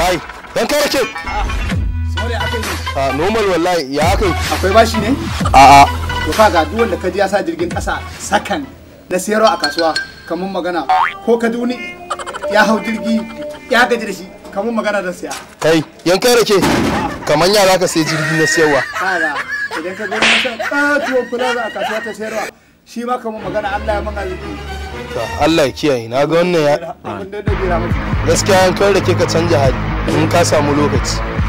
kai dan kai rake ah, normal wallahi ya kai. akwai bashi ne a a to ka ga duk wanda ka ji ya sa jirgin kasa sakan na sayarwa a kasuwa kamar magana ko ka duni ya hau jirgi ya gaji da shi kamar magana da siya kai yan kai rake kamar yara ka sai jirgi na sayarwa kaga idan ka gani ta katuwar kula a kasuwa ta sayarwa shi ma kamar magana Allah ya manga jirgi Allah ya kiyaye na ga wannan ya gaskiya an kai da ke ka canja hali in ka samu lokaci